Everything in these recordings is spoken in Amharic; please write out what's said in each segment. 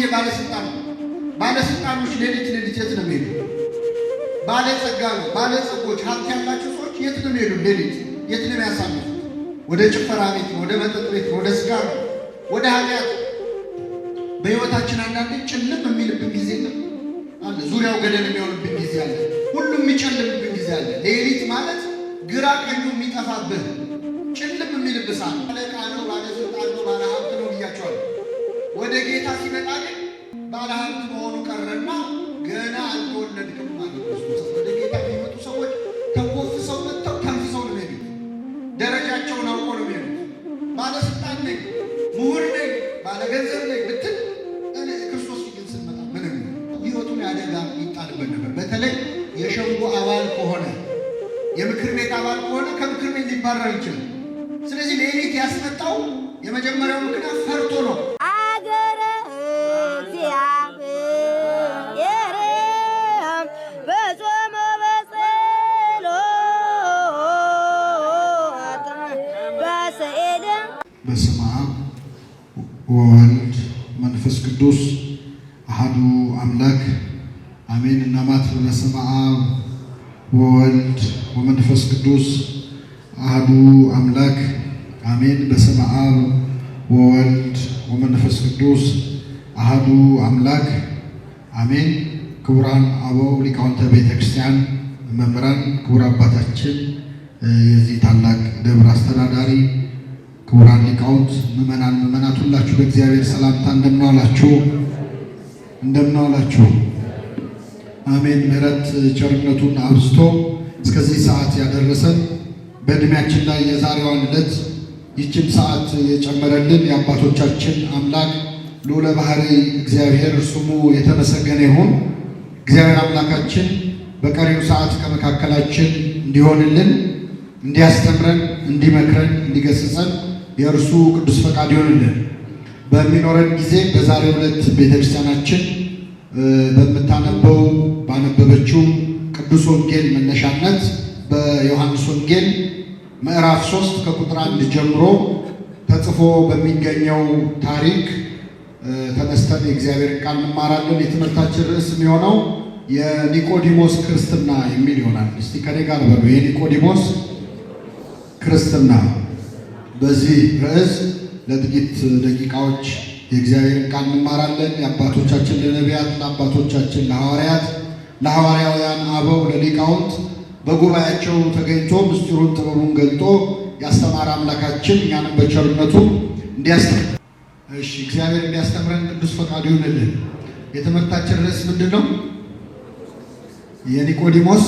ሰውዬ ባለስልጣን ባለስልጣኖች ሌሊት ሌሊት የት ነው የሚሄዱ? ባለጸጋ ነው። ባለጸጎች ሀብት ያላቸው ሰዎች የት ነው የሚሄዱ? ሌሊት የት ነው የሚያሳልፉት? ወደ ጭፈራ ቤት ወደ መጠጥ ቤት ወደ ስጋ ወደ ኃጢአት። በህይወታችን አንዳንዴ ጭልም የሚልብን ጊዜ ነው አለ። ዙሪያው ገደል የሚሆንብን ጊዜ አለ። ሁሉም የሚጨልምብን ጊዜ አለ። ሌሊት ማለት ግራ ቀኙ የሚጠፋብህ ጭልም የሚልብሳ ባለቃ ነው፣ ባለስልጣን ነው፣ ባለሀብት ነው ብያቸዋለሁ። ወደ ጌታ ሲመጣ ግን ባለሀብት መሆኑ ቀረና ገና አልተወለድክም ማለት ክርስቶስ ወደ ጌታ የሚመጡ ሰዎች ተኮፍሰው መጥተው ተንፍሰው ነው የሚሄዱት። ደረጃቸውን አውቆ ነው የሚሄዱት። ባለስልጣን ነኝ፣ ምሁር ነኝ፣ ባለገንዘብ ነኝ ብትል ክርስቶስ ግን ስንመጣ ምንም ህይወቱን ያደጋ ይጣልበት ነበር። በተለይ የሸንጎ አባል ከሆነ የምክር ቤት አባል ከሆነ ከምክር ቤት ሊባረር ይችላል። ስለዚህ ሌሊት ያስመጣው የመጀመሪያው ምክንያት ፈርቶ ነው። በስመ አብ ወወልድ መንፈስ ቅዱስ አሐዱ አምላክ አሜን። እናማት በስመ አብ ወወልድ ወመንፈስ ቅዱስ አሐዱ አምላክ አሜን። በስመ አብ ወወልድ ቅዱስ አህዱ አምላክ አሜን። ክቡራን አበው ሊቃውንተ ቤተ ክርስቲያን መምህራን፣ ክቡር አባታችን የዚህ ታላቅ ደብር አስተዳዳሪ፣ ክቡራን ሊቃውንት፣ ምዕመናን፣ ምዕመናት ሁላችሁ በእግዚአብሔር ሰላምታ እንደምናዋላችሁ እንደምናዋላችሁ። አሜን። ምሕረት ቸርነቱን አብዝቶ እስከዚህ ሰዓት ያደረሰን በእድሜያችን ላይ የዛሬዋን ዕለት ይችን ሰዓት የጨመረልን የአባቶቻችን አምላክ ልዑለ ባህሪ እግዚአብሔር ስሙ የተመሰገነ ይሁን። እግዚአብሔር አምላካችን በቀሪው ሰዓት ከመካከላችን እንዲሆንልን፣ እንዲያስተምረን፣ እንዲመክረን፣ እንዲገስጸን የእርሱ ቅዱስ ፈቃድ ይሆንልን። በሚኖረን ጊዜ በዛሬው ዕለት ቤተክርስቲያናችን በምታነበው ባነበበችው ቅዱስ ወንጌል መነሻነት በዮሐንስ ወንጌል ምዕራፍ ሶስት ከቁጥር አንድ ጀምሮ ተጽፎ በሚገኘው ታሪክ ተነስተን የእግዚአብሔር ቃል እንማራለን። የትምህርታችን ርዕስ የሚሆነው የኒቆዲሞስ ክርስትና የሚል ይሆናል። እስቲ ከኔ ጋር በሉ የኒቆዲሞስ ክርስትና። በዚህ ርዕስ ለጥቂት ደቂቃዎች የእግዚአብሔርን ቃል እንማራለን። የአባቶቻችን ለነቢያት፣ ለአባቶቻችን ለሐዋርያት፣ ለሐዋርያውያን አበው፣ ለሊቃውንት በጉባኤያቸው ተገኝቶ ምስጢሩን ጥበቡን ገልጦ ያስተማረ አምላካችን እኛንም በቸርነቱ እንዲያስተምር እሺ እግዚአብሔር እንዲያስተምረን ቅዱስ ፈቃዱ ይሁንልን። የትምህርታችን ርዕስ ምንድን ነው? የኒቆዲሞስ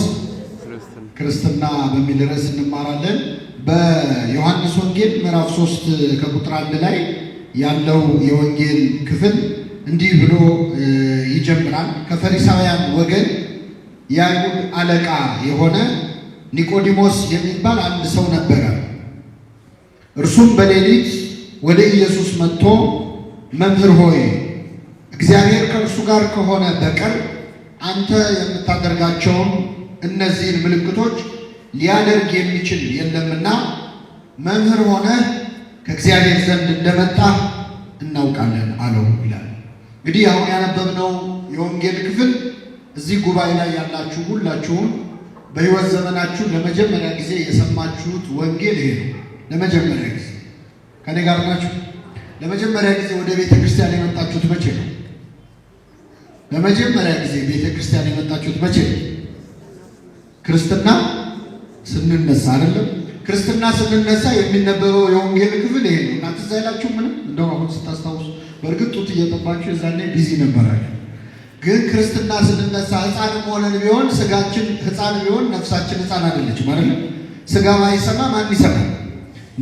ክርስትና በሚል ርዕስ እንማራለን። በዮሐንስ ወንጌል ምዕራፍ ሶስት ከቁጥር አንድ ላይ ያለው የወንጌል ክፍል እንዲህ ብሎ ይጀምራል። ከፈሪሳውያን ወገን የአይሁድ አለቃ የሆነ ኒቆዲሞስ የሚባል አንድ ሰው ነበረ። እርሱም በሌሊት ወደ ኢየሱስ መጥቶ መምህር ሆይ እግዚአብሔር ከእርሱ ጋር ከሆነ በቀር አንተ የምታደርጋቸውን እነዚህን ምልክቶች ሊያደርግ የሚችል የለምና መምህር ሆነህ ከእግዚአብሔር ዘንድ እንደመጣ እናውቃለን አለው ይላል። እንግዲህ አሁን ያነበብነው የወንጌል ክፍል እዚህ ጉባኤ ላይ ያላችሁ ሁላችሁም በሕይወት ዘመናችሁ ለመጀመሪያ ጊዜ የሰማችሁት ወንጌል ይሄ ነው። ለመጀመሪያ ጊዜ ከኔ ጋር ናችሁ። ለመጀመሪያ ጊዜ ወደ ቤተ ክርስቲያን የመጣችሁት መቼ ነው? ለመጀመሪያ ጊዜ ቤተ ክርስቲያን የመጣችሁት መቼ ነው? ክርስትና ስንነሳ አይደለም። ክርስትና ስንነሳ የሚነበበው የወንጌል ክፍል ይሄ ነው። እናንተ ትዝ አይላችሁ ምንም? እንደው አሁን ስታስታውሱ፣ በእርግጥ ጡት እየጠባችሁ የዛኔ ቢዚ ነበራለን ግን ክርስትና ስንነሳ ህፃንም ሆነን ቢሆን ስጋችን ህፃን ቢሆን ነፍሳችን ህፃን አይደለችም አይደለም። ስጋ ባይሰማ ማን ይሰማል?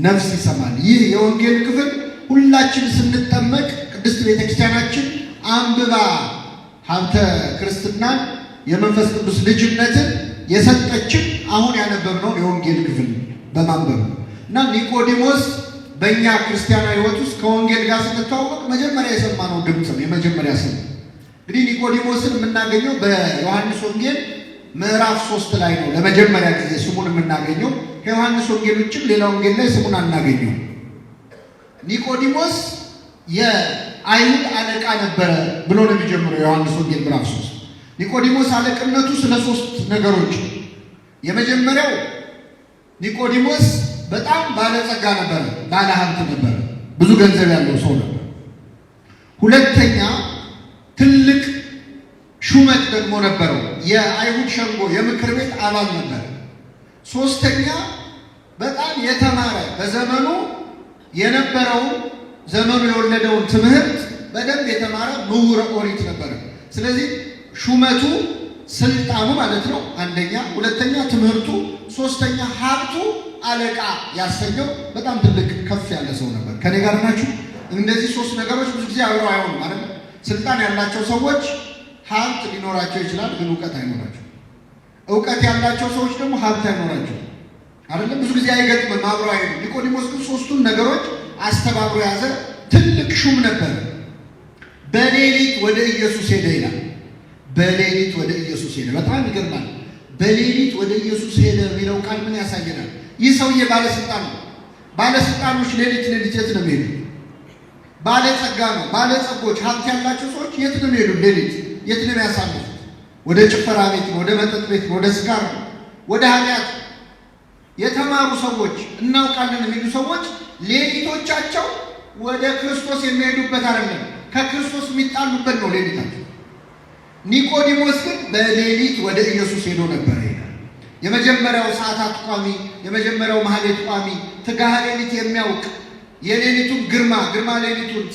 ነፍስ ይሰማል። ይህ የወንጌል ክፍል ሁላችን ስንጠመቅ ቅድስት ቤተክርስቲያናችን አንብባ ሀብተ ክርስትናን የመንፈስ ቅዱስ ልጅነትን የሰጠችን አሁን ያነበብነው የወንጌል ክፍል በማንበብ እና ኒቆዲሞስ በእኛ ክርስቲያናዊ ህይወት ውስጥ ከወንጌል ጋር ስንተዋወቅ መጀመሪያ የሰማነው ድምፅ ነው። የመጀመሪያ ስም እንግዲህ ኒቆዲሞስን የምናገኘው በዮሐንስ ወንጌል ምዕራፍ ሶስት ላይ ነው ለመጀመሪያ ጊዜ ስሙን የምናገኘው። ከዮሐንስ ወንጌል ውጭም ሌላ ወንጌል ላይ ስሙን አናገኘው። ኒቆዲሞስ የአይሁድ አለቃ ነበረ ብሎ ነው የሚጀምረው ዮሐንስ ወንጌል ምዕራፍ ሶስት ኒቆዲሞስ አለቅነቱ ስለ ሶስት ነገሮች የመጀመሪያው ኒቆዲሞስ በጣም ባለጸጋ ነበረ፣ ባለሀብት ነበረ፣ ብዙ ገንዘብ ያለው ሰው ነበር። ሁለተኛ ትልቅ ሹመት ደግሞ ነበረው። የአይሁድ ሸንጎ የምክር ቤት አባል ነበር። ሶስተኛ በጣም የተማረ በዘመኑ የነበረውን ዘመኑ የወለደውን ትምህርት በደንብ የተማረ ምሁረ ኦሪት ነበረ። ስለዚህ ሹመቱ ስልጣኑ ማለት ነው አንደኛ፣ ሁለተኛ ትምህርቱ፣ ሶስተኛ ሀብቱ አለቃ ያሰኘው በጣም ትልቅ ከፍ ያለ ሰው ነበር። ከኔ ጋር ናችሁ? እነዚህ ሶስት ነገሮች ብዙ ጊዜ አብረው አይሆኑም ማለት ነው። ስልጣን ያላቸው ሰዎች ሀብት ሊኖራቸው ይችላል፣ ግን እውቀት አይኖራቸው። እውቀት ያላቸው ሰዎች ደግሞ ሀብት አይኖራቸው። አይደለም ብዙ ጊዜ አይገጥምም፣ አብሮ አይሄድም። ኒቆዲሞስ ግን ሶስቱን ነገሮች አስተባብሮ የያዘ ትልቅ ሹም ነበር። በሌሊት ወደ ኢየሱስ ሄደ ይላል። በሌሊት ወደ ኢየሱስ ሄደ። በጣም ይገርማል። በሌሊት ወደ ኢየሱስ ሄደ የሚለው ቃል ምን ያሳየናል? ይህ ሰውዬ ባለስልጣን ነው። ባለስልጣኖች ሌሊት ሌሊት የት ነው የሚሄዱ? ባለጸጋ ነው። ባለጸጎች ሀብት ያላቸው ሰዎች የት ነው የሚሄዱ? ሌሊት የት ነው የሚያሳልፉት? ወደ ጭፈራ ቤት ወደ መጠጥ ቤት ወደ ስጋር ነው፣ ወደ ኃጢአት። የተማሩ ሰዎች እናውቃለን የሚሉ ሰዎች ሌሊቶቻቸው ወደ ክርስቶስ የሚሄዱበት አይደለም፣ ከክርስቶስ የሚጣሉበት ነው ሌሊታቸው። ኒቆዲሞስ ግን በሌሊት ወደ ኢየሱስ ሄዶ ነበር። የመጀመሪያው ሰዓታት ቋሚ፣ የመጀመሪያው ማህሌት ቋሚ፣ ትጋሃ ሌሊት የሚያውቅ የሌሊቱን ግርማ ግርማ ሌሊቱን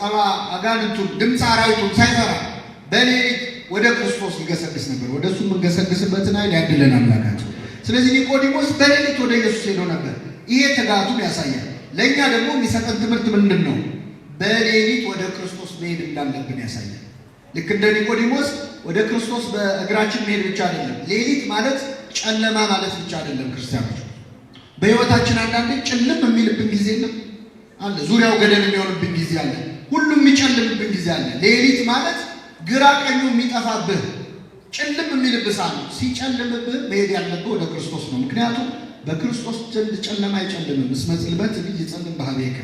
ጸባ አጋንንቱን ድምፅ አራዊቱን ሳይሰራ በሌሊት ወደ ክርስቶስ ይገሰግስ ነበር። ወደ እሱ የምንገሰግስበትን ኃይል ያድለን አምላካቸው። ስለዚህ ኒቆዲሞስ በሌሊት ወደ ኢየሱስ ሄዶ ነበር። ይሄ ትጋቱን ያሳያል። ለእኛ ደግሞ የሚሰጠን ትምህርት ምንድን ነው? በሌሊት ወደ ክርስቶስ መሄድ እንዳለብን ያሳያል። ልክ እንደ ኒቆዲሞስ ወደ ክርስቶስ በእግራችን መሄድ ብቻ አይደለም። ሌሊት ማለት ጨለማ ማለት ብቻ አይደለም ክርስቲያኖች በህይወታችን አንዳንዴ ጭልም የሚልብን ጊዜ የለም አለ። ዙሪያው ገደል የሚሆንብን ጊዜ አለ። ሁሉም የሚጨልምብን ጊዜ አለ። ሌሊት ማለት ግራ ቀኙ የሚጠፋብህ ጭልም የሚልብሳ ነው። ሲጨልምብህ መሄድ ያለብህ ወደ ክርስቶስ ነው። ምክንያቱም በክርስቶስ ዘንድ ጨለማ አይጨልምም። እስመ ጽልመት ይጸልም በኀቤከ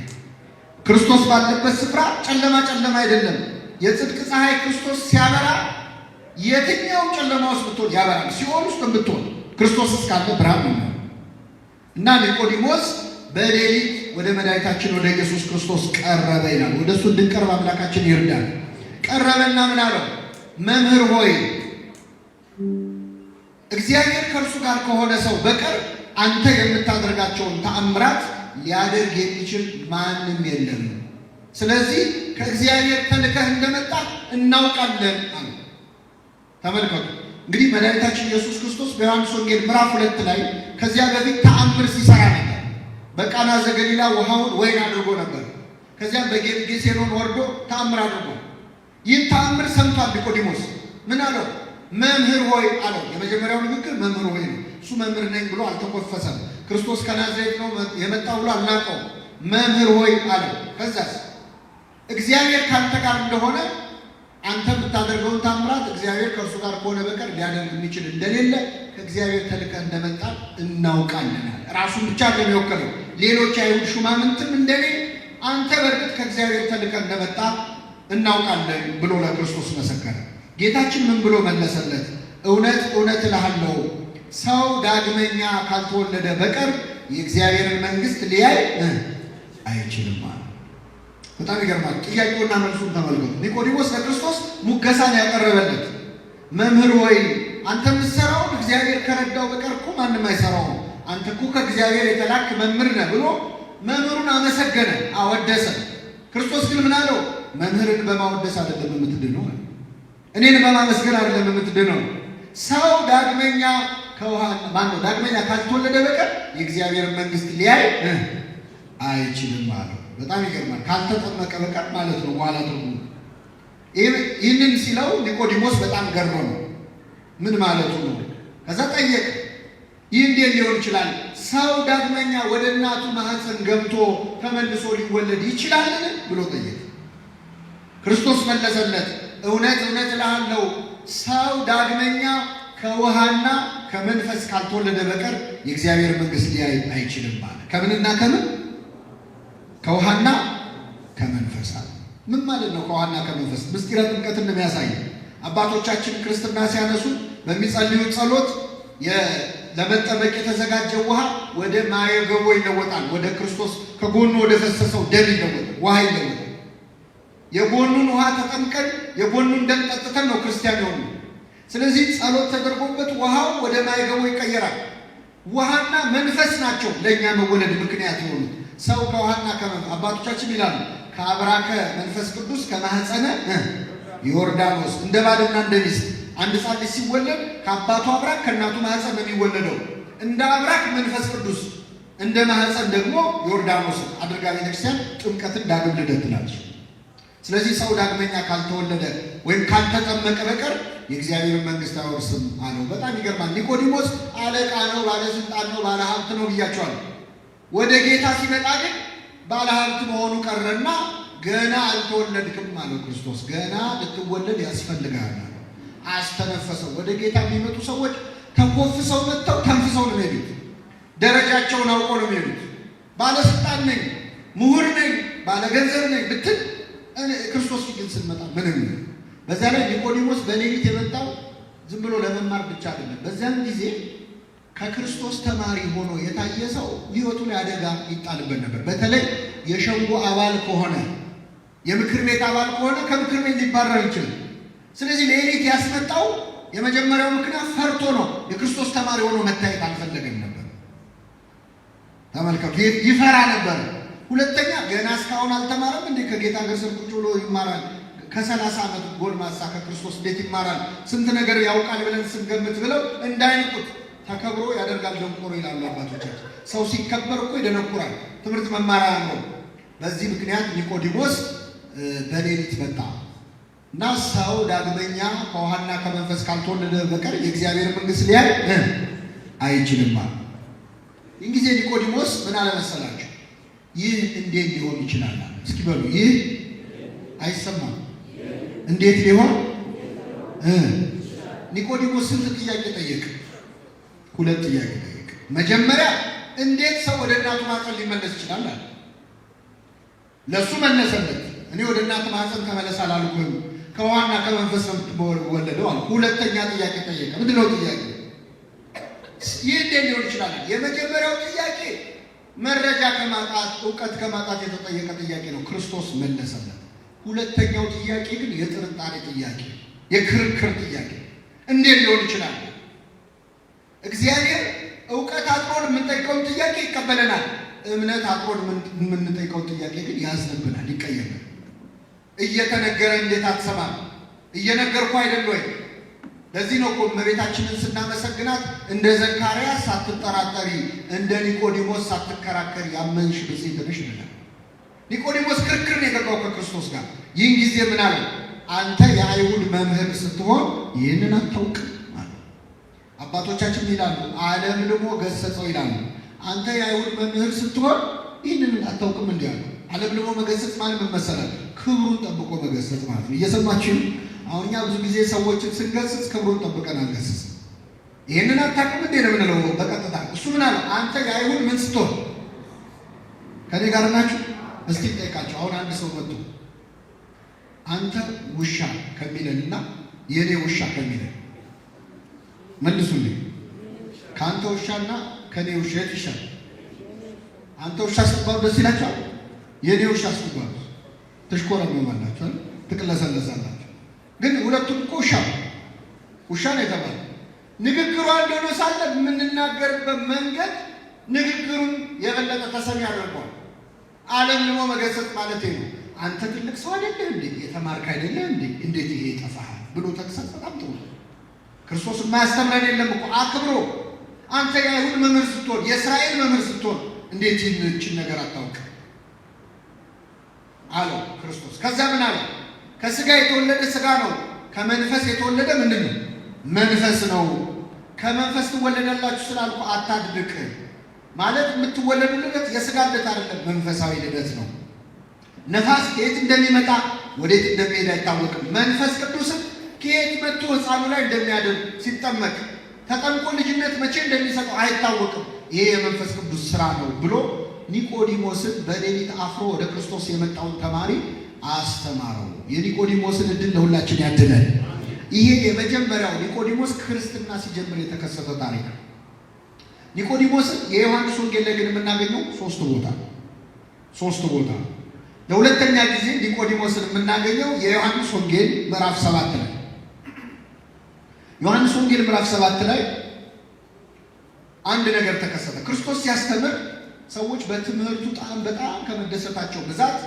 ክርስቶስ ባለበት ስፍራ ጨለማ ጨለማ አይደለም። የጽድቅ ፀሐይ ክርስቶስ ሲያበራ የትኛውም ጨለማ ውስጥ ብትሆን ያበራል። ሲሆን ውስጥ ብትሆን ክርስቶስ እስካለ ብርሃን ነው። እና ኒቆዲሞስ በሌሊት ወደ መድኃኒታችን ወደ ኢየሱስ ክርስቶስ ቀረበ ይላል። ወደ እሱ እንድንቀርብ አምላካችን ይርዳል። ቀረበና ምን አለው? መምህር ሆይ እግዚአብሔር ከእርሱ ጋር ከሆነ ሰው በቀር አንተ የምታደርጋቸውን ተአምራት ሊያደርግ የሚችል ማንም የለም። ስለዚህ ከእግዚአብሔር ተልከህ እንደመጣ እናውቃለን አሉ። ተመልከቱ እንግዲህ መድኃኒታችን ኢየሱስ ክርስቶስ በዮሐንስ ወንጌል ምዕራፍ ሁለት ላይ ከዚያ በፊት ተአምር ሲሰራ ነበር። በቃና ዘገሊላ ውሃውን ወይን አድርጎ ነበር። ከዚያም በጌርጌሴኖን ወርዶ ተአምር አድርጎ ይህ ተአምር ሰምቷል። ኒቆዲሞስ ምን አለው? መምህር ሆይ አለው። የመጀመሪያው ንግግር መምህር ሆይ ነው። እሱ መምህር ነኝ ብሎ አልተኮፈሰም። ክርስቶስ ከናዝሬት ነው የመጣ ብሎ አልናቀው መምህር ሆይ አለው። ከዛስ እግዚአብሔር ካንተ ጋር እንደሆነ አንተ የምታደርገውን ታምራት እግዚአብሔር ከእርሱ ጋር ከሆነ በቀር ሊያደርግ የሚችል እንደሌለ ከእግዚአብሔር ተልከ እንደመጣ እናውቃለን። ራሱን ብቻ እንደሚወክለው ሌሎች አይሁድ ሹማምንትም እንደኔ አንተ በእርግጥ ከእግዚአብሔር ተልከ እንደመጣ እናውቃለን ብሎ ለክርስቶስ መሰከረ። ጌታችን ምን ብሎ መለሰለት? እውነት እውነት እልሃለሁ ሰው ዳግመኛ ካልተወለደ በቀር የእግዚአብሔርን መንግስት ሊያይ አይችልም። በጣም ይገርማል። ጥያቄውና መልሱን ተመልከቱ። ኒቆዲሞስ ለክርስቶስ ሙገሳን ያቀረበለት መምህር ወይ አንተ የምትሰራውን እግዚአብሔር ከረዳው በቀር እኮ ማንም አይሰራውም። አንተ እኮ ከእግዚአብሔር የተላክ መምህር ነህ ብሎ መምህሩን አመሰገነ፣ አወደሰ። ክርስቶስ ግን ምን አለው? መምህርን በማወደስ አይደለም የምትድነው፣ እኔን በማመስገን አይደለም የምትድነው። ሰው ዳግመኛ ከውሃ ማነው ዳግመኛ ካልተወለደ በቀር የእግዚአብሔር መንግስት ሊያይ አይችልም አለ። በጣም ይገርማል። ካልተጠመቀ በቀር ማለት ነው ዋላ ትርጉሙ ይህንን ሲለው ኒቆዲሞስ በጣም ገርሞ ነው ምን ማለቱ ነው? ከዛ ጠየቀ። ይህ እንዴት ሊሆን ይችላል? ሰው ዳግመኛ ወደ እናቱ ማህፀን ገብቶ ተመልሶ ሊወለድ ይችላልን? ብሎ ጠየቀ። ክርስቶስ መለሰለት፣ እውነት እውነት እልሃለሁ ሰው ዳግመኛ ከውሃና ከመንፈስ ካልተወለደ በቀር የእግዚአብሔር መንግሥት ሊያይ አይችልም አለ። ከምንና ከምን ከውሃና አለ። ምን ማለት ነው? ከውሃና ከመንፈስ ምስጢረ ጥምቀትን ነው አባቶቻችን ክርስትና ሲያነሱ በሚጸልዩ ጸሎት ለመጠመቅ የተዘጋጀ ውሃ ወደ ማየ ገቦ ይለወጣል። ወደ ክርስቶስ ከጎኑ ወደ ፈሰሰው ደም ይለወጣል፣ ውሃ ይለወጣል። የጎኑን ውሃ ተጠምቀን የጎኑን ደም ጠጥተን ነው ክርስቲያን የሆኑ። ስለዚህ ጸሎት ተደርጎበት ውሃው ወደ ማየ ገቦ ይቀየራል። ውሃና መንፈስ ናቸው ለእኛ መወለድ ምክንያት የሆኑት። ሰው ከውሃና አባቶቻችን ይላሉ ከአብራከ መንፈስ ቅዱስ ከማህፀነ ዮርዳኖስ እንደ ባልና እንደ ሚስት አንድ ሳል ሲወለድ ከአባቱ አብራክ ከእናቱ ማህፀን ነው የሚወለደው። እንደ አብራክ መንፈስ ቅዱስ እንደ ማህፀን ደግሞ ዮርዳኖስ አድርጋ ቤተክርስቲያን ጥምቀትን ዳግም ልደት ትላለች። ስለዚህ ሰው ዳግመኛ ካልተወለደ ወይም ካልተጠመቀ በቀር የእግዚአብሔርን መንግስት አይወርስም አለው። በጣም ይገርማል። ኒቆዲሞስ አለቃ ነው፣ ባለስልጣን ነው፣ ባለሀብት ነው ብያቸዋለሁ። ወደ ጌታ ሲመጣ ግን ባለሀብት መሆኑ ቀረና ገና አልተወለድክም አለው ክርስቶስ። ገና ልትወለድ ያስፈልጋል አስተነፈሰው። ወደ ጌታ የሚመጡ ሰዎች ተኮፍሰው መጥተው ተንፍሰው ነው የሚሄዱት። ደረጃቸውን አውቆ ነው የሚሄዱት። ባለስልጣን ነኝ፣ ምሁር ነኝ፣ ባለገንዘብ ነኝ ብትል እኔ ክርስቶስ ፊት ስንመጣ ምንም ነው። በዚያ ላይ ኒቆዲሞስ በሌሊት የመጣው ዝም ብሎ ለመማር ብቻ አይደለም። በዚያም ጊዜ ከክርስቶስ ተማሪ ሆኖ የታየ ሰው ሕይወቱ ላይ አደጋ ይጣልበት ነበር። በተለይ የሸንጎ አባል ከሆነ የምክር ቤት አባል ከሆነ ከምክር ቤት ሊባረር ይችላል። ስለዚህ ሌሊት ያስመጣው የመጀመሪያው ምክንያት ፈርቶ ነው። የክርስቶስ ተማሪ ሆኖ መታየት አልፈለገም ነበር። ተመልከቱ፣ ይፈራ ነበር። ሁለተኛ ገና እስካሁን አልተማረም እንዴ? ከጌታ ገር ስር ቁጭ ብሎ ይማራል። ከሰላሳ ዓመት ጎልማሳ ከክርስቶስ እንዴት ይማራል? ስንት ነገር ያውቃል ብለን ስንገምት ብለው እንዳይንቁት ተከብሮ ያደርጋል ደንቆሮ ይላሉ አባቶቻችን። ሰው ሲከበር እኮ ይደነኩራል። ትምህርት መማሪያ ነው። በዚህ ምክንያት ኒቆዲሞስ በሌሊት መጣ እና ሰው ዳግመኛ ከውሃና ከመንፈስ ካልተወለደ በቀር የእግዚአብሔር መንግስት ሊያይ አይችልም አለ። ይህን ጊዜ ኒቆዲሞስ ምን አለመሰላቸው? ይህ እንዴት ሊሆን ይችላል? እስኪ በሉ ይህ አይሰማም። እንዴት ሊሆን ኒቆዲሞስ ስንት ጥያቄ ጠየቅ ሁለት ጥያቄ ጠየቀ። መጀመሪያ እንዴት ሰው ወደ እናቱ ማህፀን ሊመለስ ይችላል አለ። ለእሱ መለሰለት። እኔ ወደ እናቱ ማህፀን ተመለስ አላልኩም፣ ከውሃና ከመንፈስ ነው አለ። ሁለተኛ ጥያቄ ጠየቀ። ምንድነው ጥያቄ? ይህ እንዴት ሊሆን ይችላል? የመጀመሪያው ጥያቄ መረጃ ከማጣት እውቀት ከማጣት የተጠየቀ ጥያቄ ነው። ክርስቶስ መለሰለት። ሁለተኛው ጥያቄ ግን የጥርጣሬ ጥያቄ፣ የክርክር ጥያቄ እንዴት ሊሆን ይችላል እግዚአብሔር እውቀት አጥሮን የምንጠይቀውን ጥያቄ ይቀበለናል። እምነት አጥሮን የምንጠይቀውን ጥያቄ ግን ያዝንብናል፣ ይቀየራል። እየተነገረ እንዴት አትሰማም? እየነገርኩ አይደል ወይ? ለዚህ ነው እኮ እመቤታችንን ስናመሰግናት እንደ ዘካርያስ ሳትጠራጠሪ፣ እንደ ኒቆዲሞስ ሳትከራከሪ ያመንሽ ብጽዕት ነሽ ይላል። ኒቆዲሞስ ክርክር የገባው ከክርስቶስ ጋር። ይህን ጊዜ ምን አለ? አንተ የአይሁድ መምህር ስትሆን ይህንን አታውቅም አባቶቻችን ይላሉ፣ ዓለም ደግሞ ገሰጸው ይላሉ። አንተ የአይሁድ መምህር ስትሆን ይህንን አታውቅም እንዲ ያሉ። ዓለም ደግሞ መገሰጽ ማለት ምን ክብሩን ጠብቆ መገሰጽ ማለት ነው። እየሰማችን አሁን ብዙ ጊዜ ሰዎችን ስንገስጽ ክብሩን ጠብቀን አንገስጽ። ይህንን አታውቅም እንዴ ነው የምንለው በቀጥታ። እሱ ምን አለ? አንተ የአይሁድ ምን ስትሆን ከኔ ጋር ናችሁ? እስቲ ጠይቃቸው። አሁን አንድ ሰው መጥቶ አንተ ውሻ ከሚለን እና የእኔ ውሻ ከሚለን መልሱልኝ። ከአንተ ውሻና ከእኔ ውሻ የት ይሻል? አንተ ውሻ ስትባሉ ደስ ይላቸዋል። የእኔ ውሻ ስትባሉ ትሽኮረመማላችሁ፣ ትቅለሰለሳላችሁ። ግን ሁለቱም እኮ ውሻ ውሻ ነው የተባለ ንግግሩ አንድ ሆኖ ሳለ የምንናገርበት መንገድ ንግግሩን የበለጠ ተሰሚ ያደርገዋል። አለምልሞ መገሰጽ ማለት ነው። አንተ ትልቅ ሰው አይደለህ እንዴ? የተማርክ አይደለህ እንዴ? እንዴት ይሄ ይጠፋሃል ብሎ ተግሳጽ በጣም ጥሩ ነው። ክርስቶስ የማያስተምረን የለም እኮ አክብሮ። አንተ የአይሁድ መምህር ስትሆን፣ የእስራኤል መምህር ስትሆን እንዴት ይህችን ነገር አታውቅም አለው ክርስቶስ። ከዛ ምን አለ? ከስጋ የተወለደ ስጋ ነው፣ ከመንፈስ የተወለደ ምንድን ነው? መንፈስ ነው። ከመንፈስ ትወለዳላችሁ ስላልኩ አታድብቅ። ማለት የምትወለዱ ልደት የስጋ ልደት አይደለም፣ መንፈሳዊ ልደት ነው። ነፋስ ከየት እንደሚመጣ ወዴት እንደሚሄድ አይታወቅም። መንፈስ ቅዱስም ከየት መጥቶ ህፃኑ ላይ እንደሚያደርግ ሲጠመቅ ተጠምቆ ልጅነት መቼ እንደሚሰጠው አይታወቅም። ይሄ የመንፈስ ቅዱስ ስራ ነው ብሎ ኒቆዲሞስን በሌሊት አፍሮ ወደ ክርስቶስ የመጣውን ተማሪ አስተማረው። የኒቆዲሞስን እድል ለሁላችን ያድለን። ይሄ የመጀመሪያው ኒቆዲሞስ ክርስትና ሲጀምር የተከሰተ ታሪክ ነው። ኒቆዲሞስን የዮሐንስ ወንጌል ላይ ግን የምናገኘው ሶስት ቦታ ሶስት ቦታ ለሁለተኛ ጊዜ ኒቆዲሞስን የምናገኘው የዮሐንስ ወንጌል ምዕራፍ ሰባት ላይ ዮሐንስ ወንጌል ምዕራፍ ሰባት ላይ አንድ ነገር ተከሰተ። ክርስቶስ ሲያስተምር ሰዎች በትምህርቱ ጣዕም በጣም ከመደሰታቸው ብዛት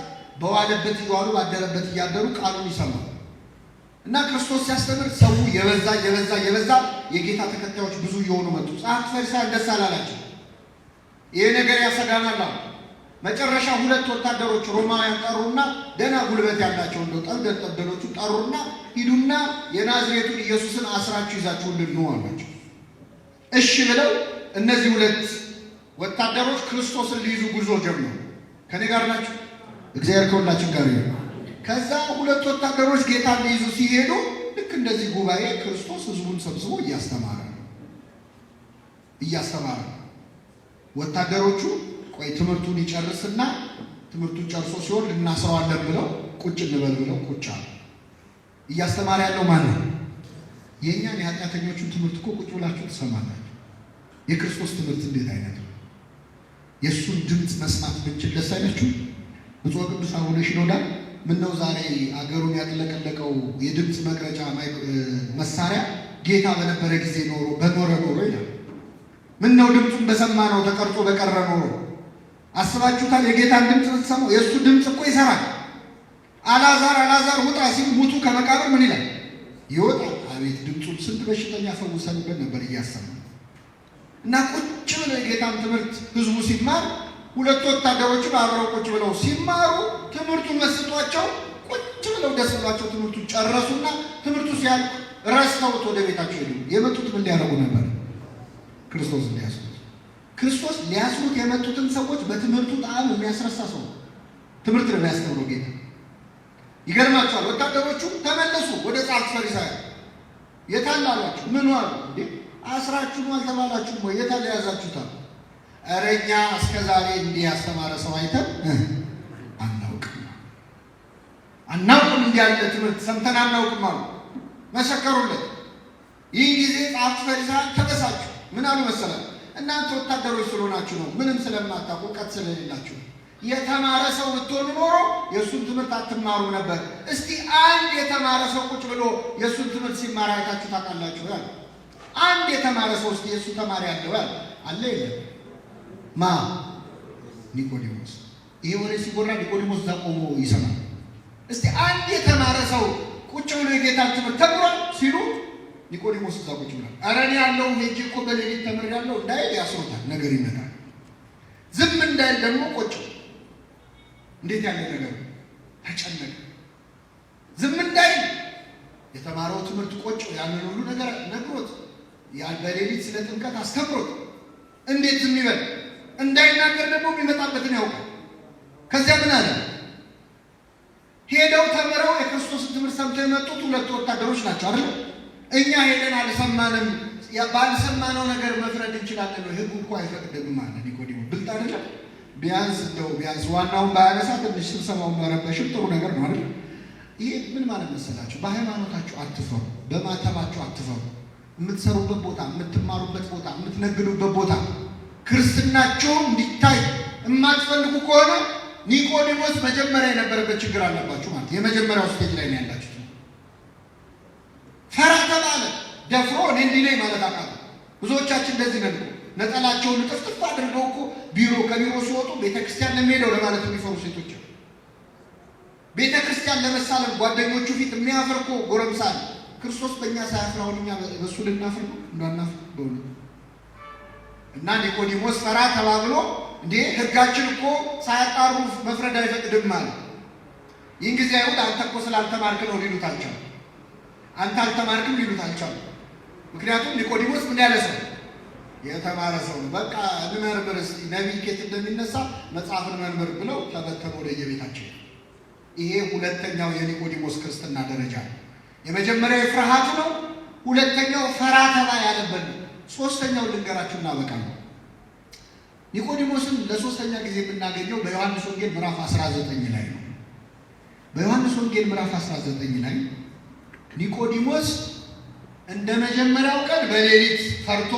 በዋለበት እየዋሉ ባደረበት እያደሩ ቃሉን ይሰማሉ። እና ክርስቶስ ሲያስተምር ሰው የበዛ የበዛ የበዛ የጌታ ተከታዮች ብዙ እየሆኑ መጡ። ጸሐፍት ፈሪሳውያን ደስ አላላቸው። ይሄ ነገር ያሰጋናል። መጨረሻ ሁለት ወታደሮች ሮማውያን ጠሩና ደህና ጉልበት ያላቸው እንደው ጠብደ ጠሩና ሂዱና የናዝሬቱን ኢየሱስን አስራችሁ ይዛችሁ እንድንሆ አሏቸው። እሺ ብለው እነዚህ ሁለት ወታደሮች ክርስቶስን ሊይዙ ጉዞ ጀመሩ። ከኔ ጋር ናቸው። እግዚአብሔር ከሁላችን ጋር ይሁን። ከዛ ሁለት ወታደሮች ጌታ ሊይዙ ሲሄዱ ልክ እንደዚህ ጉባኤ ክርስቶስ ህዝቡን ሰብስቦ እያስተማረ ነው እያስተማረ ነው ወታደሮቹ ቆይ ትምህርቱን ይጨርስና ትምህርቱን ጨርሶ ሲሆን ልናስረዋለን ብለው ቁጭ እንበል ብለው ቁጭ አሉ። እያስተማረ ያለው ማን ነው? የእኛን የኃጢአተኞቹን ትምህርት እኮ ቁጭ ብላችሁ ትሰማላችሁ። የክርስቶስ ትምህርት እንዴት አይነት ነው? የእሱን ድምፅ መስማት ብችል ደስ አይለችሁ? ብፁዕ ቅዱስ አቡነ ሽኖዳ ምነው ዛሬ አገሩን ያጥለቀለቀው የድምፅ መቅረጫ መሳሪያ ጌታ በነበረ ጊዜ ኖሮ በኖረ ኖሮ ይላል። ምነው ድምፁን በሰማ ነው ተቀርጾ በቀረ ኖሮ አስባችሁታል? የጌታን ድምፅ ስትሰሙ የእሱ ድምፅ እኮ ይሰራል። አላዛር አላዛር ውጣ ሲል ሙቱ ከመቃብር ምን ይላል? ይወጣል። አቤት ድምፁን! ስንት በሽተኛ ፈውሰንበት ነበር እያሰማ እና ቁጭ ብለው የጌታን ትምህርት ህዝቡ ሲማር ሁለት ወታደሮቹ አብረው ቁጭ ብለው ሲማሩ ትምህርቱ መስጧቸው ቁጭ ብለው ደስ ብሏቸው ትምህርቱ ጨረሱና ትምህርቱ ሲያልቅ ረስተውት ወደ ቤታቸው ሄዱ። የመጡት ምን ነበር? ክርስቶስ ሊያስ ክርስቶስ ሊያስሩት የመጡትን ሰዎች በትምህርቱ ጣዕም የሚያስረሳ ሰው ነው። ትምህርት ነው የሚያስተምረው ጌታ። ይገርማቸዋል። ወታደሮቹ ተመለሱ ወደ ጻፍ ፈሪሳውያን የታል አሏቸው። ምን ዋሉ እንዴ? አስራችሁም አልተባላችሁም ወይ? የታል የያዛችሁታል? ኧረ እኛ እስከ ዛሬ እንዲህ ያስተማረ ሰው አይተን አናውቅም አናውቅም፣ እንዲህ ያለ ትምህርት ሰምተን አናውቅም አሉ። መሰከሩለት። ይህ ጊዜ ጻፍ ፈሪሳውያን ተበሳችሁ። ምን አሉ መሰላል እናንተ ወታደሮች ስለሆናችሁ ነው፣ ምንም ስለማታውቁ እውቀት ስለሌላችሁ። የተማረ ሰው ብትሆኑ ኖሮ የእሱን ትምህርት አትማሩ ነበር። እስቲ አንድ የተማረ ሰው ቁጭ ብሎ የእሱን ትምህርት ሲማር አይታችሁ ታውቃላችሁ? ያለ አንድ የተማረ ሰው እስቲ የእሱ ተማሪ ያለው ያለ አለ የለም? ማ ኒቆዲሞስ። ይሄ ወደ ሲጎራ ኒቆዲሞስ እዛ ቆሞ ይሰማል። እስቲ አንድ የተማረ ሰው ቁጭ ብሎ የጌታን ትምህርት ተምሯል ሲሉ ኒቆዲሞስ እዛ ቁጭ ብሏል። ኧረ እኔ ያለው ሄጄ እኮ በሌሊት ተምሬያለሁ እንዳይል ያስሮታል። ነገር ይመጣል። ዝም እንዳይል ደግሞ ቆጭ እንዴት ያለ ነገር ተጨነቀ። ዝም እንዳይል የተማረው ትምህርት ቆጮ ያንን ሁሉ ነገር ነግሮት ያን በሌሊት ስለ ጥምቀት አስተምሮት እንዴት ዝም ይበል? እንዳይናገር ደግሞ የሚመጣበትን ያውቃል። ከዚያ ምን አለ? ሄደው ተምረው የክርስቶስን ትምህርት ሰምተው የመጡት ሁለት ወታደሮች ናቸው አይደል? እኛ ሄደን አልሰማንም። ባልሰማነው ነገር መፍረድ እንችላለን ነው። ህጉ እኮ አይፈቅድም አለ ኒቆዲሞ። ብልጥ አይደለም? ቢያንስ እንደው ቢያንስ ዋናውን ባያነሳ ትንሽ ስብሰባውን መረበሽም ጥሩ ነገር ነው አይደል? ይሄ ምን ማለት መሰላችሁ? በሃይማኖታችሁ አትፈሩ፣ በማተባችሁ አትፈሩ። የምትሰሩበት ቦታ፣ የምትማሩበት ቦታ፣ የምትነግዱበት ቦታ ክርስትናችሁ እንዲታይ የማትፈልጉ ከሆነ ኒቆዲሞስ መጀመሪያ የነበረበት ችግር አለባችሁ ማለት የመጀመሪያው ስቴጅ ላይ ነው ያላችሁ ፈራ ነኝ ማለት አቃት። ብዙዎቻችን እንደዚህ ነን። ነጠላቸውን ንጥፍጥፍ አድርገው እኮ ቢሮ ከቢሮ ሲወጡ ቤተክርስቲያን ለሚሄደው ለማለት የሚፈሩ ሴቶች ቤተ ክርስቲያን ለመሳለም ጓደኞቹ ፊት የሚያፈርኮ እኮ ጎረምሳ ክርስቶስ በእኛ ሳያፍራውን እኛ በእሱ ልናፍር ነው? እንዳናፍር በሆነ እና ኒቆዲሞስ ፈራ ተባብሎ እንዴ ሕጋችን እኮ ሳያጣሩ መፍረድ አይፈቅድም አለ። ይህን ጊዜ አይሁድ አንተ እኮ ስላልተማርክ ነው ሊሉት አልቻሉ። አንተ አልተማርክም ሊሉት አልቻሉ። ምክንያቱም ኒቆዲሞስ ምን ያለ ሰው የተማረ ሰው ነው። በቃ ልመርምር እስኪ ነቢይ ኬት እንደሚነሳ መጽሐፍን መርምር ብለው ተበተኑ ወደየቤታቸው። ይሄ ሁለተኛው የኒቆዲሞስ ክርስትና ደረጃ ነው። የመጀመሪያው ፍርሃት ነው። ሁለተኛው ፈራ ተባ ያለበት ነው። ሶስተኛው ልንገራችሁ ነው። ኒቆዲሞስን ለሶስተኛ ጊዜ የምናገኘው በዮሐንስ ወንጌል ምዕራፍ 19 ላይ ነው። በዮሐንስ ወንጌል ምዕራፍ 19 ላይ ኒቆዲሞስ እንደ መጀመሪያው ቀን በሌሊት ፈርቶ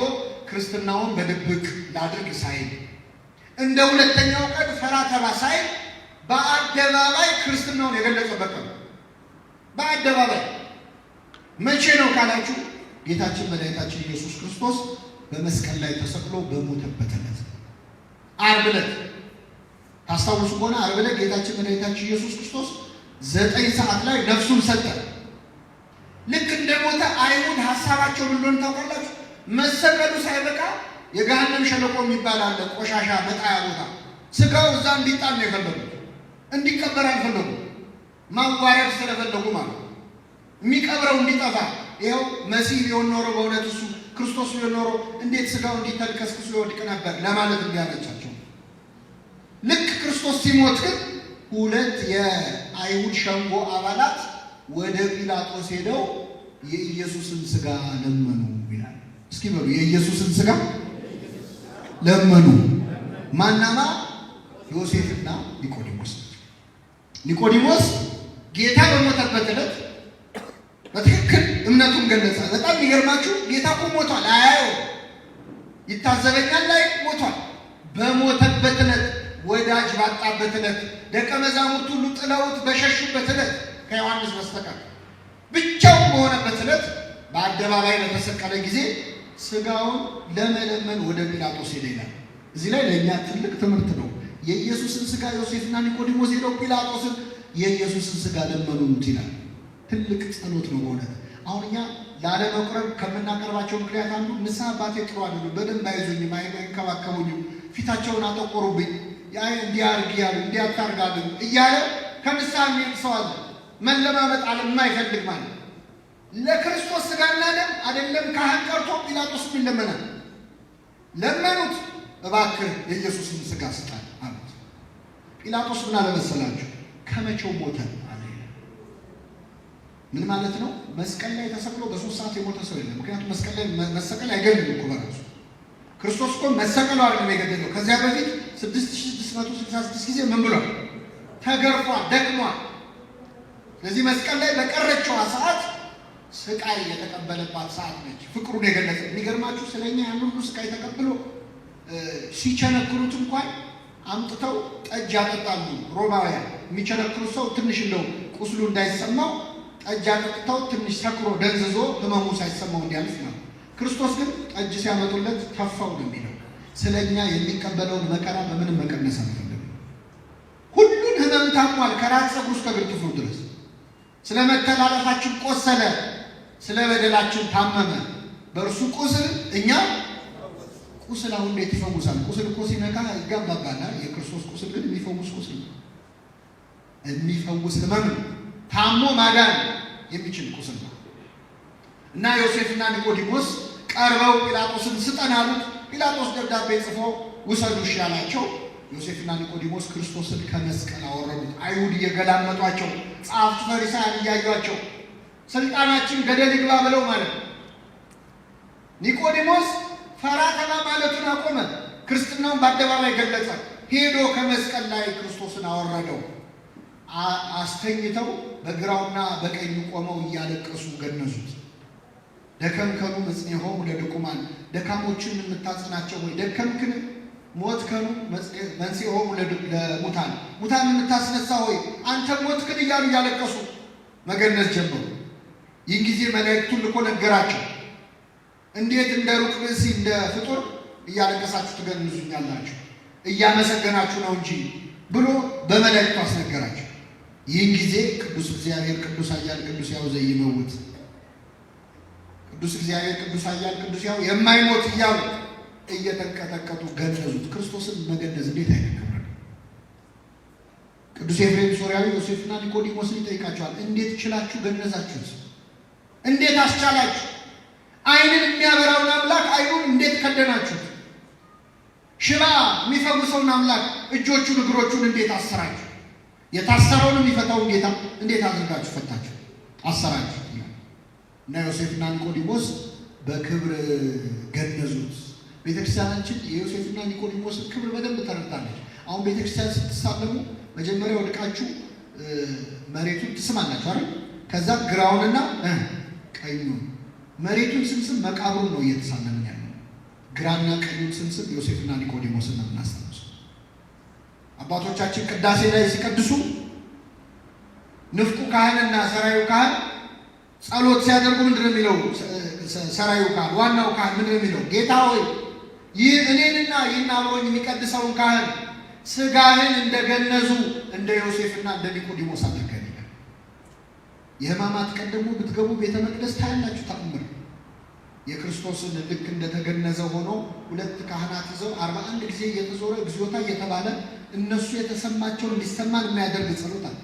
ክርስትናውን በድብቅ ላድርግ ሳይል፣ እንደ ሁለተኛው ቀን ፈራ ተባ ሳይል በአደባባይ ክርስትናውን የገለጸበት ቀን በአደባባይ መቼ ነው ካላችሁ ጌታችን መድኃኒታችን ኢየሱስ ክርስቶስ በመስቀል ላይ ተሰቅሎ በሞተበት ዕለት ዓርብ ዕለት ታስታውሱ ከሆነ ዓርብ ዕለት ጌታችን መድኃኒታችን ኢየሱስ ክርስቶስ ዘጠኝ ሰዓት ላይ ነፍሱን ሰጠ። ልክ እንደ ሞተ አይሁድ ሀሳባቸው ምን ታውቃላችሁ? መሰቀሉ ሳይበቃ የገሃነም ሸለቆ የሚባል አለ፣ ቆሻሻ መጣያ ቦታ። ስጋው እዛ እንዲጣል ነው የፈለጉት፣ እንዲቀበር አልፈለጉ። ማዋረድ ስለፈለጉ ማለት የሚቀብረው እንዲጠፋ። ይኸው መሲህ ቢሆን ኖሮ በእውነት እሱ ክርስቶስ ቢሆን ኖሮ እንዴት ስጋው እንዲተልከስክሱ ይወድቅ ነበር ለማለት እንዲያመቻቸው። ልክ ክርስቶስ ሲሞት ግን ሁለት የአይሁድ ሸንጎ አባላት ወደ ጲላጦስ ሄደው የኢየሱስን ስጋ ለመኑ ይላል። እስኪ በሉ የኢየሱስን ስጋ ለመኑ። ማናማ? ዮሴፍና ኒቆዲሞስ። ኒቆዲሞስ ጌታ በሞተበት ዕለት በትክክል እምነቱን ገለጸ። በጣም ይገርማችሁ፣ ጌታ እኮ ሞቷል፣ አያየው ይታዘበኛል ላይ ሞቷል። በሞተበት ዕለት ወዳጅ ባጣበት ዕለት ደቀ መዛሙርት ሁሉ ጥለውት በሸሹበት ዕለት ከዮሐንስ በስተቀር ብቻውን በሆነበት ዕለት በአደባባይ ለተሰቀለ ጊዜ ስጋውን ለመለመን ወደ ጲላጦስ ሄደ ይላል። እዚህ ላይ ለእኛ ትልቅ ትምህርት ነው። የኢየሱስን ስጋ ዮሴፍና ኒቆዲሞስ ሄደው ጲላጦስን የኢየሱስን ስጋ ለመኑት ይላል። ትልቅ ጸሎት ነው በእውነት። አሁን እኛ ላለመቁረብ ከምናቀርባቸው ምክንያት አንዱ ንስሐ አባቴ ጥሩ አይደሉም፣ በደንብ አይዞኝም፣ አይንከባከቡኝም፣ ፊታቸውን አጠቆሩብኝ፣ እንዲያርግ ያሉ እንዲያታርጋሉ እያለ ከንስሐ የሚሄድ ሰው አለ። መለማመጥ የማይፈልግ ማለት ለክርስቶስ ስጋና ደም አይደለም። ካህን ቀርቶ ጲላጦስም ይለመናል። ለመኑት፣ እባክህ የኢየሱስን ስጋ ስጣል አሉት። ጲላጦስ ምን አለመሰላችሁ? ከመቼው ሞተ አለ። ምን ማለት ነው? መስቀል ላይ ተሰቅሎ በሶስት ሰዓት የሞተ ሰው የለም። ምክንያቱም መስቀል ላይ መሰቀል አይገድልም እኮ በራሱ ክርስቶስ እኮ መሰቀሉ አይደለም የገደለው። ከዚያ በፊት 6666 ጊዜ ምን ብሏል? ተገርፏል፣ ደክሟል በዚህ መስቀል ላይ በቀረችዋ ሰዓት ስቃይ የተቀበለባት ሰዓት ነች። ፍቅሩን የገለጸ የሚገርማችሁ ስለኛ ያን ሁሉ ስቃይ ተቀብሎ ሲቸነክሩት እንኳን አምጥተው ጠጅ ያጠጣሉ ሮማውያን። የሚቸነክሩት ሰው ትንሽ እንደው ቁስሉ እንዳይሰማው ጠጅ አጠጥተው ትንሽ ሰክሮ ደንዝዞ ህመሙ ሳይሰማው እንዲያልፍ ነው። ክርስቶስ ግን ጠጅ ሲያመጡለት ተፋው ነው የሚለው። ስለ እኛ የሚቀበለውን መከራ በምንም መቀነስ አንፈልግም። ሁሉን ህመም ታሟል፣ ከራስ ፀጉር እስከ እግር ድረስ ስለ መተላለፋችን ቆሰለ፣ ስለ በደላችን ታመመ። በእርሱ ቁስል እኛ ቁስል አሁን ላይ ይፈውሳል። ቁስል እኮ ሲነካ ይጋባባና የክርስቶስ ቁስል ግን የሚፈውስ ቁስል የሚፈውስ ህመም ታሞ ማዳን የሚችል ቁስል ነው እና ዮሴፍና ኒቆዲሞስ ቀርበው ጲላጦስን ስጠን አሉት። ጲላጦስ ደብዳቤ ጽፎ ውሰዱ እሺ አላቸው። ዮሴፍና ኒቆዲሞስ ክርስቶስን ከመስቀል አወረዱት። አይሁድ እየገላመጧቸው፣ ጻፍት ፈሪሳያን እያዩቸው ስልጣናችን ገደል ይግባ ብለው ማለት ኒቆዲሞስ ፈራ ተባ ማለቱን አቆመ። ክርስትናውን በአደባባይ ገለጸ። ሄዶ ከመስቀል ላይ ክርስቶስን አወረደው። አስተኝተው በግራውና በቀኙ ቆመው እያለቀሱ ገነዙት። ደከምከኑ መጽኔሆሙ ለድቁማን፣ ደካሞችን የምታጽናቸው ወይ ደከምክን ሞት ከኑ መንስኤሆሙ ለሙታን ሙታን የምታስነሳ ሆይ አንተ ሞትክን እያሉ እያለቀሱ መገነዝ ጀመሩ። ይህን ጊዜ መላእክቱን ልኮ ነገራቸው። እንዴት እንደ ሩቅ ብእሲ እንደ ፍጡር እያለቀሳችሁ ትገንዙኛላችሁ? እያመሰገናችሁ ነው እንጂ ብሎ በመላእክቱ አስነገራቸው። ይህን ጊዜ ቅዱስ እግዚአብሔር ቅዱስ ኃያል ቅዱስ ሕያው ዘኢይመውት ቅዱስ እግዚአብሔር ቅዱስ ኃያል ቅዱስ ሕያው የማይሞት እያሉ እየተንቀጠቀጡ ገነዙት። ክርስቶስን መገነዝ እንዴት አይነት ክብር! ቅዱስ ኤፍሬም ሶርያዊ ዮሴፍና ኒቆዲሞስን ይጠይቃቸዋል። እንዴት ችላችሁ ገነዛችሁት? እንዴት አስቻላችሁ? አይንን የሚያበራውን አምላክ አይኑን እንዴት ከደናችሁት? ሽባ የሚፈውሰውን አምላክ እጆቹን እግሮቹን እንዴት አሰራችሁ? የታሰረውን የሚፈታው እንዴታ እንዴት አድርጋችሁ ፈታችሁ አሰራችሁ? እና ዮሴፍና ኒቆዲሞስ በክብር ገነዙት። ቤተክርስቲያናችን የዮሴፍና ኒቆዲሞስን ክብር በደንብ ተረድታለች። አሁን ቤተክርስቲያን ስትሳለሙ መጀመሪያ ወድቃችሁ መሬቱን ትስማላችሁ አይደል? ከዛ ግራውንና ቀኙን መሬቱን ስንስም መቃብሩን ነው እየተሳለምን ያለ። ግራና ቀኙን ስንስም ዮሴፍና ኒቆዲሞስን ነው የምናስታውሰው። አባቶቻችን ቅዳሴ ላይ ሲቀድሱ ንፍቁ ካህንና ሰራዩ ካህን ጸሎት ሲያደርጉ ምንድን ነው የሚለው? ሰራዩ ካህን ዋናው ካህን ምንድን ነው የሚለው? ጌታ ሆይ ይህ እኔንና ይህን አብሮኝ የሚቀድሰውን ካህን ስጋህን እንደገነዙ እንደ ዮሴፍና እንደ ኒቆዲሞስ አድርገን ይላል። የህማማት ቀን ደግሞ ብትገቡ ቤተ መቅደስ ታያላችሁ ተአምር የክርስቶስን ልክ እንደተገነዘ ሆኖ ሁለት ካህናት ይዘው አርባ አንድ ጊዜ እየተዞረ እግዚኦታ እየተባለ እነሱ የተሰማቸውን እንዲሰማን የሚያደርግ ጸሎት አለ።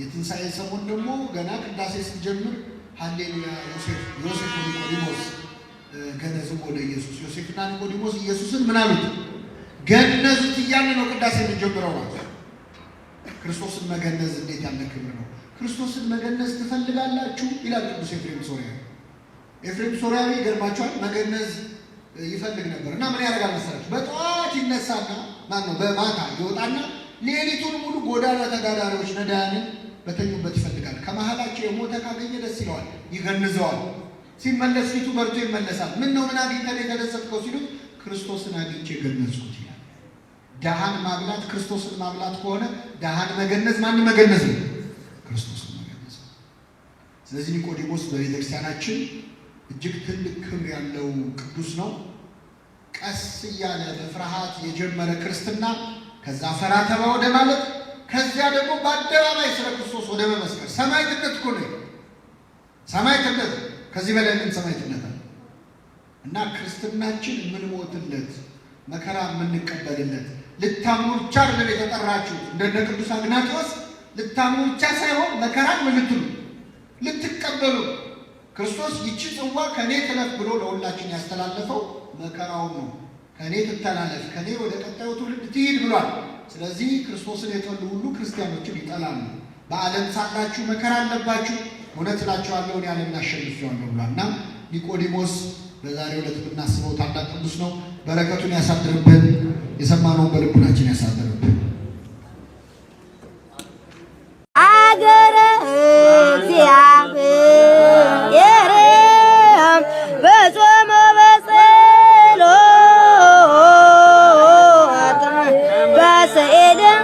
የትንሣኤ ሰሞን ደግሞ ገና ቅዳሴ ስንጀምር ሀሌሉያ ዮሴፍ ዮሴፍ ኒቆዲሞስ ወደ ኢየሱስ ዮሴፍና ኒቆዲሞስ ኢየሱስን ምን አሉት? ገነዙት እያለ ነው ቅዳሴ የሚጀምረው ማለት ክርስቶስን መገነዝ እንዴት ያለ ክብር ነው! ክርስቶስን መገነዝ ትፈልጋላችሁ ይላል ቅዱስ ኤፍሬም ሶሪያ ኤፍሬም ሶሪያዊ ይገርማችኋል፣ መገነዝ ይፈልግ ነበር እና ምን ያደርጋል መሰላችሁ? በጠዋት ይነሳና ነው በማታ ይወጣና ሌሊቱን ሙሉ ጎዳና ተዳዳሪዎች ነዳያንን በተኙበት ይፈልጋል። ከመሀላቸው የሞተ ካገኘ ደስ ይለዋል፣ ይገንዘዋል። ሲመለስ ፊቱ በርቶ ይመለሳል። ምን ነው ምን አግኝተህ የተደሰትከው ሲሉት ክርስቶስን አግኝቼ ገነዝኩት ይላል። ደሃን ማብላት ክርስቶስን ማብላት ከሆነ ደሃን መገነዝ ማን መገነዝ ነው? ክርስቶስን መገነዝ። ስለዚህ ኒቆዲሞስ በቤተክርስቲያናችን እጅግ ትልቅ ክብር ያለው ቅዱስ ነው። ቀስ እያለ በፍርሃት የጀመረ ክርስትና ከዛ ፈራ ተባ ወደ ማለት ከዚያ ደግሞ በአደባባይ ስለ ክርስቶስ ወደ መመስከር ሰማዕትነት እኮ ነው ሰማዕትነት ከዚህ በላይ ምን ሰማዕትነት ነው? እና ክርስትናችን የምንሞትለት መከራ የምንቀበልለት ልታምኑ ብቻ አይደለም የተጠራችሁ እንደነ ቅዱስ አግናጥዮስ ልታምኑ ብቻ ሳይሆን መከራ ምልትሉ ልትቀበሉ ክርስቶስ ይቺ ጽዋ ከእኔ ትለፍ ብሎ ለሁላችን ያስተላለፈው መከራውን ነው። ከእኔ ትተላለፍ፣ ከእኔ ወደ ቀጣዩ ትውልድ ትሂድ ብሏል። ስለዚህ ክርስቶስን የጠሉ ሁሉ ክርስቲያኖችን ይጠላሉ። በዓለም ሳላችሁ መከራ አለባችሁ እውነት እላችኋለሁ እኔ ዓለምን አሸንፌዋለሁ ብሏል እና ኒቆዲሞስ በዛሬ ዕለት የምናስበው ታላቅ ቅዱስ ነው። በረከቱን ያሳድርብን። የሰማነውን በልቡናችን ያሳድርብን።